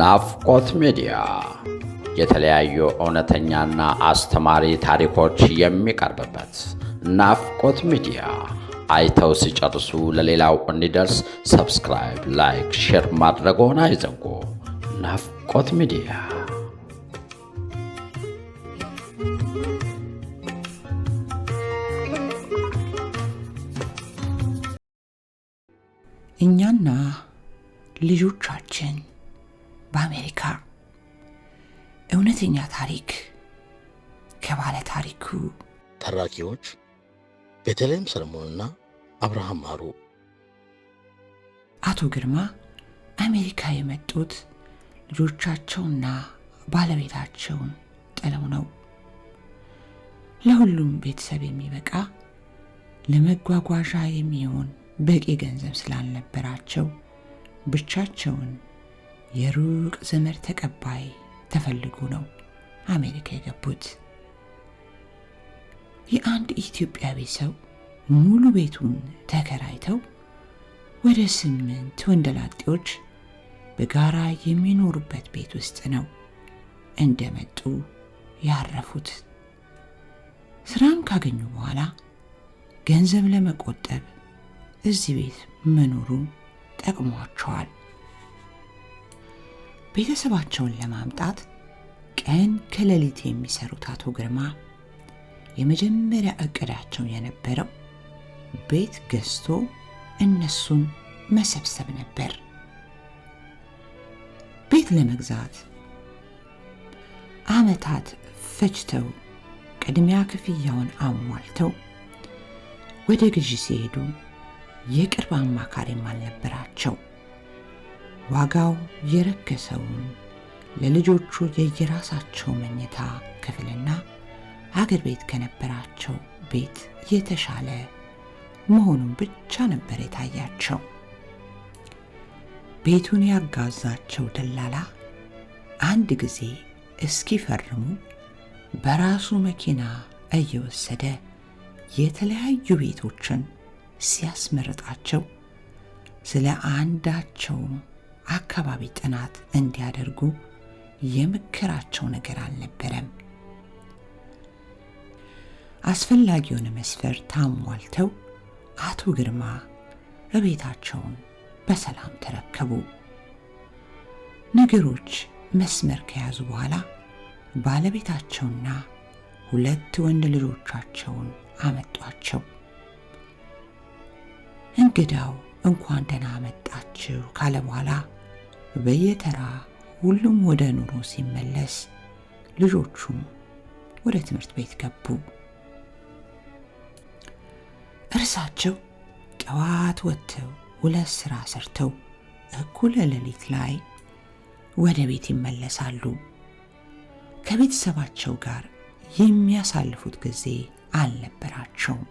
ናፍቆት ሚዲያ የተለያዩ እውነተኛና አስተማሪ ታሪኮች የሚቀርብበት ናፍቆት ሚዲያ። አይተው ሲጨርሱ ለሌላው እንዲደርስ ሰብስክራይብ፣ ላይክ፣ ሼር ማድረግዎን አይዘንጉ። ናፍቆት ሚዲያ እኛና ልጆቻችን በአሜሪካ እውነተኛ ታሪክ ከባለ ታሪኩ ተራኪዎች ቤተልሔም ሰለሞንና አብርሃም ማሩ። አቶ ግርማ አሜሪካ የመጡት ልጆቻቸውና ባለቤታቸውን ጥለው ነው። ለሁሉም ቤተሰብ የሚበቃ ለመጓጓዣ የሚሆን በቂ ገንዘብ ስላልነበራቸው ብቻቸውን የሩቅ ዘመድ ተቀባይ ተፈልጎ ነው አሜሪካ የገቡት። የአንድ ኢትዮጵያዊ ሰው ሙሉ ቤቱን ተከራይተው ወደ ስምንት ወንደላጤዎች በጋራ የሚኖሩበት ቤት ውስጥ ነው እንደመጡ ያረፉት። ስራም ካገኙ በኋላ ገንዘብ ለመቆጠብ እዚህ ቤት መኖሩ ጠቅሟቸዋል። ቤተሰባቸውን ለማምጣት ቀን ከሌሊት የሚሰሩት አቶ ግርማ የመጀመሪያ እቅዳቸው የነበረው ቤት ገዝቶ እነሱን መሰብሰብ ነበር። ቤት ለመግዛት ዓመታት ፈጅተው ቅድሚያ ክፍያውን አሟልተው ወደ ግዢ ሲሄዱ የቅርብ አማካሪም አልነበራቸው። ዋጋው የረከሰውን ለልጆቹ የየራሳቸው መኝታ ክፍልና አገር ቤት ከነበራቸው ቤት የተሻለ መሆኑን ብቻ ነበር የታያቸው። ቤቱን ያጋዛቸው ደላላ አንድ ጊዜ እስኪፈርሙ በራሱ መኪና እየወሰደ የተለያዩ ቤቶችን ሲያስመርጣቸው ስለ አንዳቸውም አካባቢ ጥናት እንዲያደርጉ የምክራቸው ነገር አልነበረም። አስፈላጊውን መስፈርት አሟልተው አቶ ግርማ እቤታቸውን በሰላም ተረከቡ። ነገሮች መስመር ከያዙ በኋላ ባለቤታቸውና ሁለት ወንድ ልጆቻቸውን አመጧቸው። እንግዳው እንኳን ደህና መጣችሁ ካለ በኋላ በየተራ ሁሉም ወደ ኑሮ ሲመለስ ልጆቹም ወደ ትምህርት ቤት ገቡ። እርሳቸው ጠዋት ወጥተው ሁለት ስራ ሰርተው እኩለ ሌሊት ላይ ወደ ቤት ይመለሳሉ። ከቤተሰባቸው ጋር የሚያሳልፉት ጊዜ አልነበራቸውም።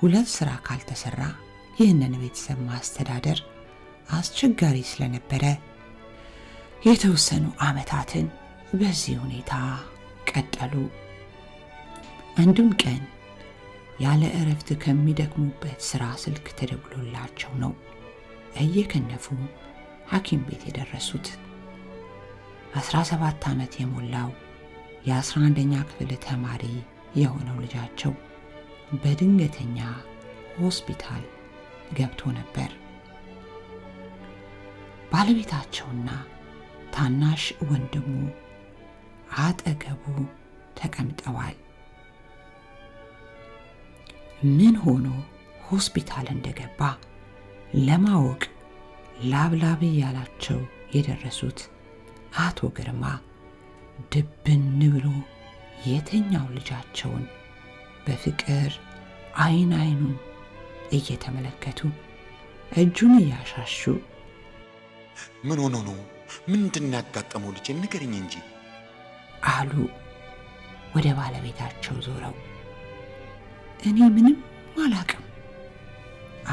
ሁለት ስራ ካልተሰራ ይህንን ቤተሰብ ማስተዳደር አስቸጋሪ ስለነበረ የተወሰኑ ዓመታትን በዚህ ሁኔታ ቀጠሉ። አንዱን ቀን ያለ እረፍት ከሚደክሙበት ሥራ ስልክ ተደውሎላቸው ነው እየከነፉ ሐኪም ቤት የደረሱት። 17 ዓመት የሞላው የ11ኛ ክፍል ተማሪ የሆነው ልጃቸው በድንገተኛ ሆስፒታል ገብቶ ነበር። ባለቤታቸውና ታናሽ ወንድሙ አጠገቡ ተቀምጠዋል። ምን ሆኖ ሆስፒታል እንደገባ ለማወቅ ላብላብ እያላቸው የደረሱት አቶ ግርማ ድብን ብሎ የተኛው ልጃቸውን በፍቅር አይን አይኑን እየተመለከቱ እጁን እያሻሹ ምን ሆኖ ነው? ምን እንድናጋጠመው ልጄ ንገረኝ እንጂ አሉ። ወደ ባለቤታቸው ዞረው እኔ ምንም አላቅም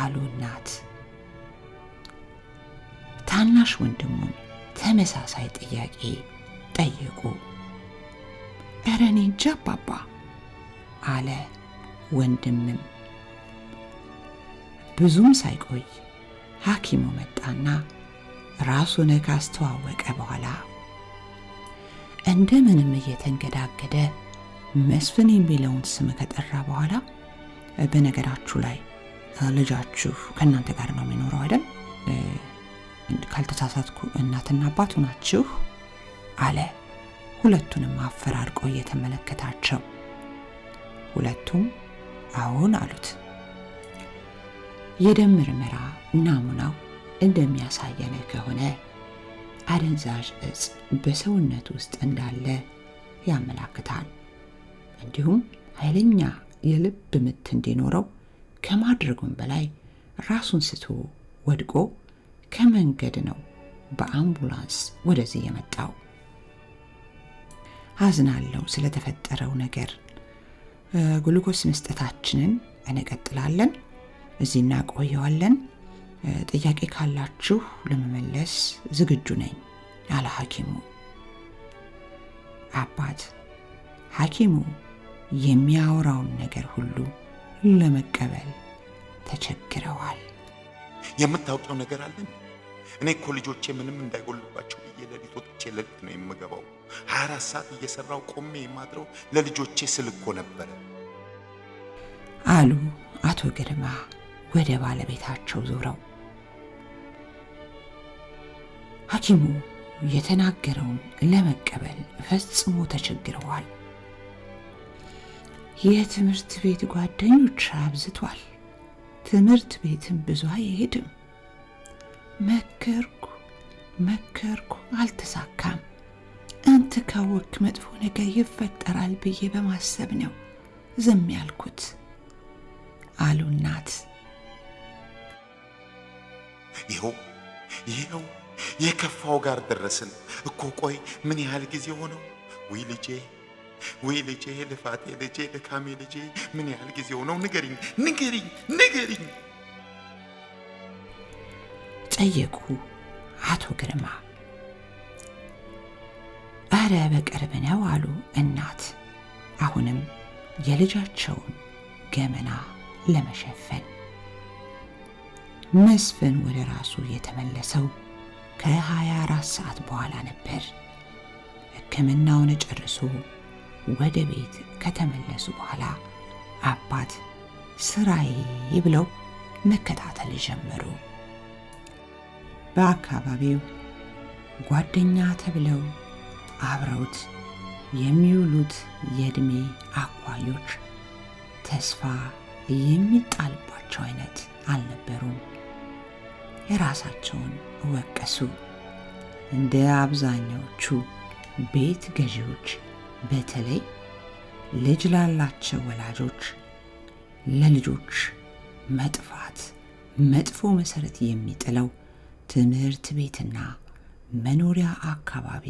አሉ እናት። ታናሽ ወንድሙን ተመሳሳይ ጥያቄ ጠየቁ። ኧረ እኔ እንጃ አባባ አለ ወንድምም። ብዙም ሳይቆይ ሐኪሙ መጣና ራሱን ካስተዋወቀ በኋላ እንደምንም እየተንገዳገደ መስፍን የሚለውን ስም ከጠራ በኋላ በነገራችሁ ላይ ልጃችሁ ከእናንተ ጋር ነው የሚኖረው አይደል? ካልተሳሳትኩ እናትና አባቱ ናችሁ አለ። ሁለቱንም አፈራርቆ እየተመለከታቸው ሁለቱም አሁን አሉት። የደም ምርመራ ናሙናው እንደሚያሳየን ከሆነ አደንዛዥ እጽ በሰውነት ውስጥ እንዳለ ያመላክታል። እንዲሁም ኃይለኛ የልብ ምት እንዲኖረው ከማድረጉም በላይ ራሱን ስቶ ወድቆ ከመንገድ ነው በአምቡላንስ ወደዚህ የመጣው። አዝናለው ስለተፈጠረው ነገር። ግሉኮስ መስጠታችንን እንቀጥላለን። እዚህ እናቆየዋለን። ጥያቄ ካላችሁ ለመመለስ ዝግጁ ነኝ አለ ሐኪሙ። አባት ሐኪሙ የሚያወራውን ነገር ሁሉ ለመቀበል ተቸግረዋል። የምታውቀው ነገር አለን። እኔ እኮ ልጆቼ ምንም እንዳይጎልባቸው ብዬ ሌሊት ወጥቼ ነው የምገባው። 24 ሰዓት እየሰራው ቆሜ የማድረው ለልጆቼ ስል እኮ ነበረ አሉ አቶ ግርማ ወደ ባለቤታቸው ዞረው ሐኪሙ የተናገረውን ለመቀበል ፈጽሞ ተቸግረዋል። የትምህርት ቤት ጓደኞች አብዝቷል። ትምህርት ቤትም ብዙ አይሄድም። መከርኩ መከርኩ፣ አልተሳካም። አንተ ካወክ መጥፎ ነገር ይፈጠራል ብዬ በማሰብ ነው ዝም ያልኩት አሉ እናት። ይኸው ይኸው የከፋው ጋር ደረስን እኮ። ቆይ ምን ያህል ጊዜ ሆነው? ወይ ልጄ፣ ወይ ልጄ፣ ልፋቴ ልጄ፣ ልካሜ ልጄ፣ ምን ያህል ጊዜ ሆነው? ንገሪኝ፣ ንገሪኝ፣ ንገሪኝ ጠየቁ አቶ ግርማ። እረ በቅርብ ነው አሉ እናት አሁንም የልጃቸውን ገመና ለመሸፈን መስፍን ወደ ራሱ የተመለሰው ከ24 ሰዓት በኋላ ነበር ሕክምናውን ጨርሶ ወደ ቤት ከተመለሱ በኋላ አባት ስራዬ ብለው መከታተል ጀመሩ። በአካባቢው ጓደኛ ተብለው አብረውት የሚውሉት የዕድሜ አኳዮች ተስፋ የሚጣልባቸው አይነት አልነበሩም። የራሳቸውን ወቀሱ። እንደ አብዛኛዎቹ ቤት ገዢዎች በተለይ ልጅ ላላቸው ወላጆች ለልጆች መጥፋት መጥፎ መሰረት የሚጥለው ትምህርት ቤትና መኖሪያ አካባቢ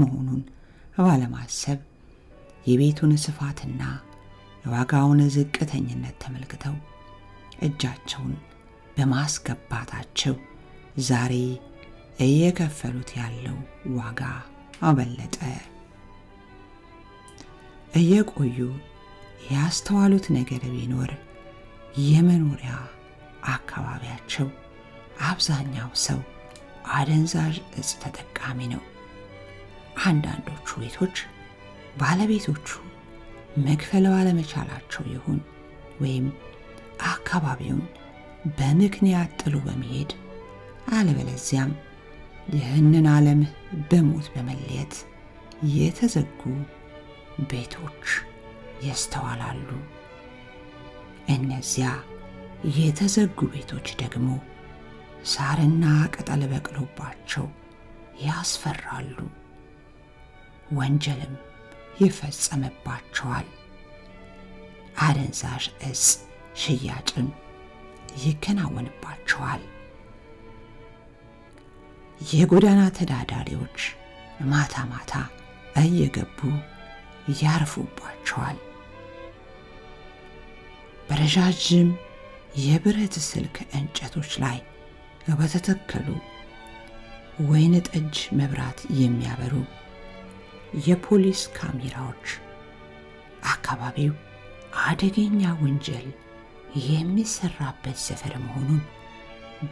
መሆኑን ባለማሰብ የቤቱን ስፋትና የዋጋውን ዝቅተኝነት ተመልክተው እጃቸውን በማስገባታቸው ዛሬ እየከፈሉት ያለው ዋጋ አበለጠ። እየቆዩ ያስተዋሉት ነገር ቢኖር የመኖሪያ አካባቢያቸው አብዛኛው ሰው አደንዛዥ እጽ ተጠቃሚ ነው። አንዳንዶቹ ቤቶች ባለቤቶቹ መክፈል ባለመቻላቸው ይሁን ወይም አካባቢውን በምክንያት ጥሎ በመሄድ አለበለዚያም ይህንን ዓለም በሞት በመለየት የተዘጉ ቤቶች ይስተዋላሉ። እነዚያ የተዘጉ ቤቶች ደግሞ ሳርና ቅጠል በቅሎባቸው ያስፈራሉ፣ ወንጀልም ይፈጸምባቸዋል። አደንዛዥ እጽ ሽያጭም ይከናወንባቸዋል። የጎዳና ተዳዳሪዎች ማታ ማታ እየገቡ ያርፉባቸዋል። በረዣዥም የብረት ስልክ እንጨቶች ላይ በተተከሉ ወይን ጠጅ መብራት የሚያበሩ የፖሊስ ካሜራዎች አካባቢው አደገኛ ወንጀል የሚሰራበት ሰፈር መሆኑን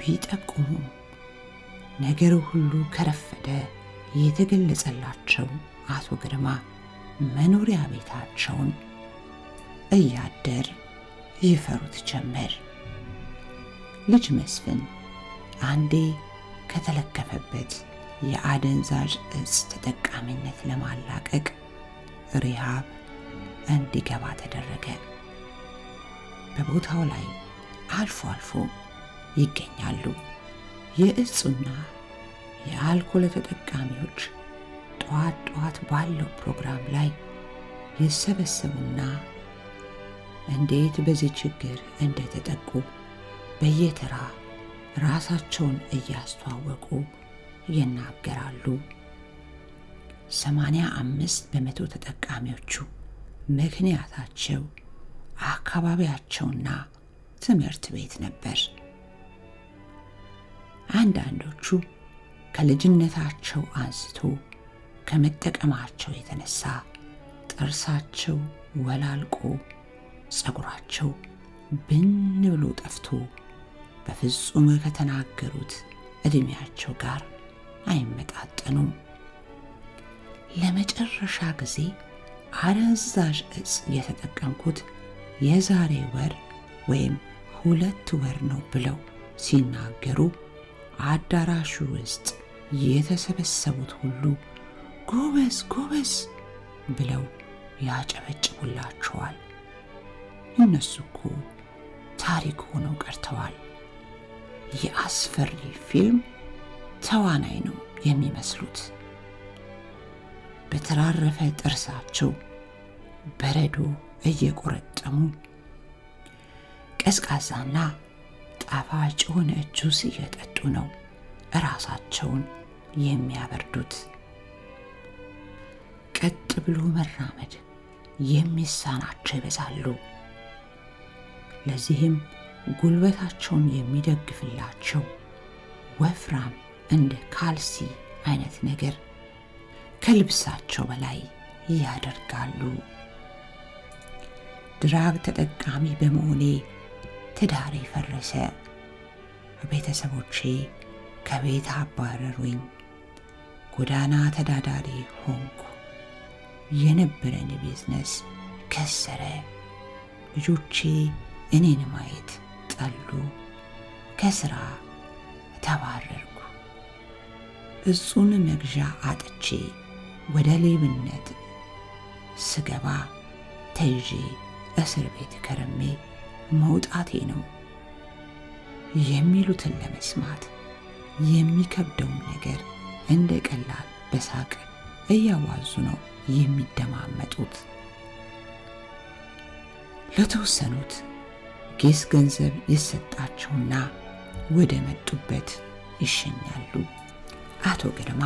ቢጠቁሙ ነገሩ ሁሉ ከረፈደ የተገለጸላቸው አቶ ግርማ መኖሪያ ቤታቸውን እያደር ይፈሩት ጀመር። ልጅ መስፍን አንዴ ከተለከፈበት የአደንዛዥ እጽ ተጠቃሚነት ለማላቀቅ ሪሃብ እንዲገባ ተደረገ። በቦታው ላይ አልፎ አልፎ ይገኛሉ። የእጹና የአልኮል ተጠቃሚዎች ጠዋት ጠዋት ባለው ፕሮግራም ላይ ይሰበሰቡና እንዴት በዚህ ችግር እንደተጠቁ በየተራ ራሳቸውን እያስተዋወቁ ይናገራሉ። 85 በመቶ ተጠቃሚዎቹ ምክንያታቸው አካባቢያቸውና ትምህርት ቤት ነበር። አንዳንዶቹ ከልጅነታቸው አንስቶ ከመጠቀማቸው የተነሳ ጥርሳቸው ወላልቆ ፀጉራቸው ብን ብሎ ጠፍቶ በፍጹም ከተናገሩት ዕድሜያቸው ጋር አይመጣጠኑም። ለመጨረሻ ጊዜ አደንዛዥ ዕፅ የተጠቀምኩት የዛሬ ወር ወይም ሁለት ወር ነው ብለው ሲናገሩ አዳራሹ ውስጥ የተሰበሰቡት ሁሉ ጎበዝ ጎበዝ ብለው ያጨበጭቡላቸዋል። እነሱ እኮ ታሪክ ሆነው ቀርተዋል። የአስፈሪ ፊልም ተዋናይ ነው የሚመስሉት። በተራረፈ ጥርሳቸው በረዶ እየቆረጠሙ ቀዝቃዛና ጣፋጭ የሆነ ጁስ እየጠጡ ነው እራሳቸውን የሚያበርዱት። ቀጥ ብሎ መራመድ የሚሳናቸው ይበዛሉ። ለዚህም ጉልበታቸውን የሚደግፍላቸው ወፍራም እንደ ካልሲ አይነት ነገር ከልብሳቸው በላይ ያደርጋሉ። ድራግ ተጠቃሚ በመሆኔ ትዳሬ ፈረሰ። ቤተሰቦቼ ከቤት አባረሩኝ። ጎዳና ተዳዳሪ ሆንኩ። የነበረኝ ቢዝነስ ከሰረ። ልጆቼ እኔን ማየት ጠሉ። ከስራ ተባረርኩ። እጹን መግዣ አጥቼ ወደ ሌብነት ስገባ ተይዤ እስር ቤት ከረሜ መውጣቴ ነው የሚሉትን ለመስማት የሚከብደውን ነገር እንደ ቀላል በሳቅ እያዋዙ ነው የሚደማመጡት። ለተወሰኑት ጌስ ገንዘብ ይሰጣቸውና ወደ መጡበት ይሸኛሉ። አቶ ግርማ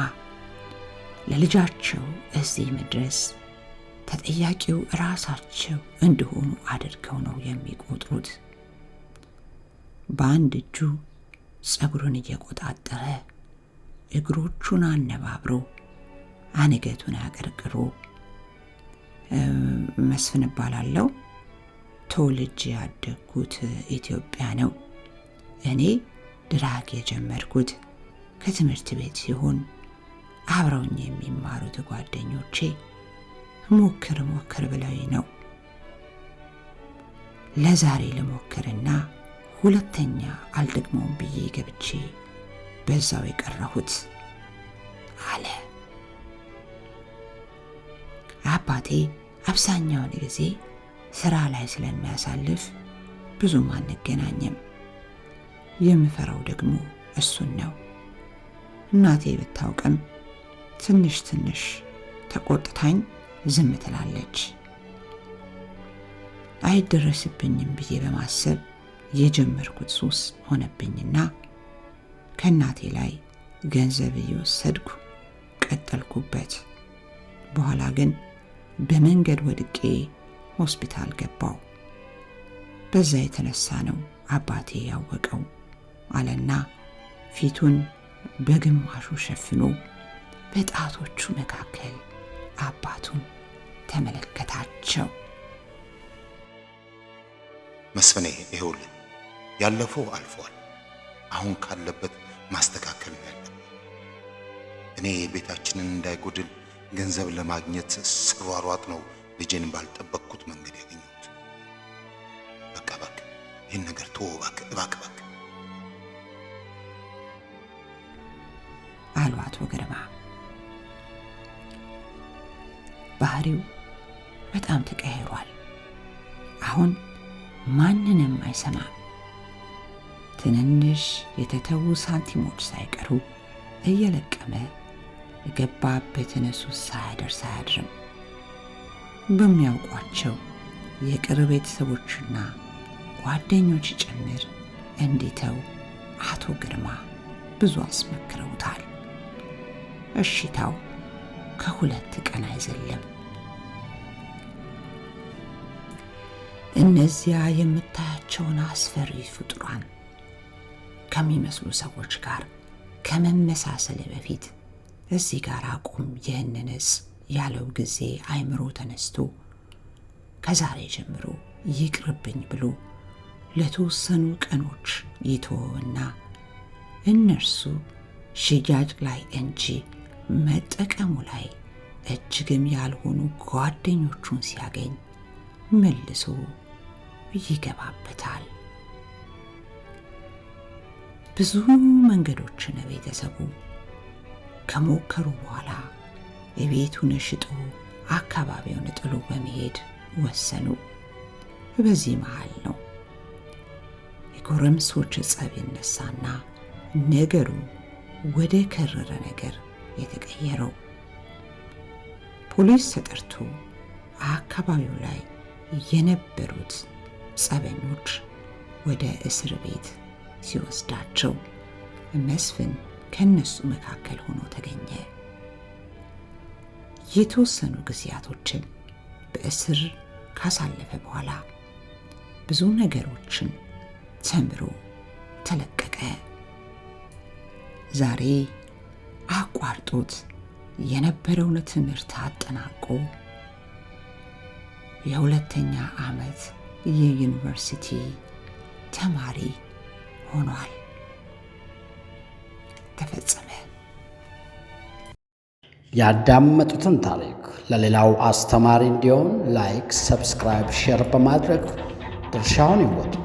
ለልጃቸው እዚህ መድረስ ተጠያቂው ራሳቸው እንደሆኑ አድርገው ነው የሚቆጥሩት። በአንድ እጁ ጸጉሩን እየቆጣጠረ እግሮቹን አነባብሮ አንገቱን አቀርቅሮ መስፍን እባላለሁ። ተወልጄ ያደግኩት ኢትዮጵያ ነው። እኔ ድራግ የጀመርኩት ከትምህርት ቤት ሲሆን አብረውኝ የሚማሩት ጓደኞቼ ሞክር ሞክር ብለውኝ ነው። ለዛሬ ልሞክርና ሁለተኛ አልደግመውም ብዬ ገብቼ በዛው የቀረሁት አለ። አባቴ አብዛኛውን ጊዜ ስራ ላይ ስለሚያሳልፍ ብዙም አንገናኝም። የምፈራው ደግሞ እሱን ነው። እናቴ ብታውቅም ትንሽ ትንሽ ተቆጥታኝ ዝም ትላለች። አይደረስብኝም ብዬ በማሰብ የጀመርኩት ሱስ ሆነብኝና ከእናቴ ላይ ገንዘብ እየወሰድኩ ቀጠልኩበት። በኋላ ግን በመንገድ ወድቄ ሆስፒታል ገባው። በዛ የተነሳ ነው አባቴ ያወቀው አለና ፊቱን በግማሹ ሸፍኖ በጣቶቹ መካከል አባቱን ተመለከታቸው። መስፍኔ ይኸውልህ፣ ያለፈው አልፏል። አሁን ካለበት ማስተካከል ነው እኔ ቤታችንን እንዳይጎድል ገንዘብ ለማግኘት ስሯሯጥ ነው ልጄን ባልጠበቅኩት መንገድ ያገኘሁት። በቃ እባክህ ይህን ነገር ተወው፣ እባክህ እባክህ አሉ አቶ ግርማ። ባህሪው በጣም ተቀይሯል። አሁን ማንንም አይሰማም። ትንንሽ የተተዉ ሳንቲሞች ሳይቀሩ እየለቀመ የገባበት ሱስ ሳያደርስ አያድርም። በሚያውቋቸው የቅርብ ቤተሰቦችና ጓደኞች ጭምር እንዲተው አቶ ግርማ ብዙ አስመክረውታል። እሽታው ከሁለት ቀን አይዘለም። እነዚያ የምታያቸውን አስፈሪ ፍጡራን ከሚመስሉ ሰዎች ጋር ከመመሳሰል በፊት እዚህ ጋር አቁም ይህንንስ ያለው ጊዜ አይምሮ ተነስቶ ከዛሬ ጀምሮ ይቅርብኝ ብሎ ለተወሰኑ ቀኖች ይቶና እነርሱ ሽያጭ ላይ እንጂ መጠቀሙ ላይ እጅግም ያልሆኑ ጓደኞቹን ሲያገኝ መልሶ ይገባበታል። ብዙ መንገዶችን ቤተሰቡ ከሞከሩ በኋላ የቤቱን ሽጦ አካባቢውን ጥሎ በመሄድ ወሰኑ። በዚህ መሃል ነው የጎረምሶች ጸብ ይነሳና ነገሩ ወደ ከረረ ነገር የተቀየረው። ፖሊስ ተጠርቶ አካባቢው ላይ የነበሩት ጸበኞች ወደ እስር ቤት ሲወስዳቸው መስፍን ከነሱ መካከል ሆኖ ተገኘ። የተወሰኑ ጊዜያቶችን በእስር ካሳለፈ በኋላ ብዙ ነገሮችን ተምሮ ተለቀቀ። ዛሬ አቋርጦት የነበረውን ትምህርት አጠናቆ የሁለተኛ ዓመት የዩኒቨርሲቲ ተማሪ ሆኗል። ተፈጸመ። ያዳመጡትን ታሪክ ለሌላው አስተማሪ እንዲሆን ላይክ፣ ሰብስክራይብ፣ ሼር በማድረግ ድርሻውን ይወጡ።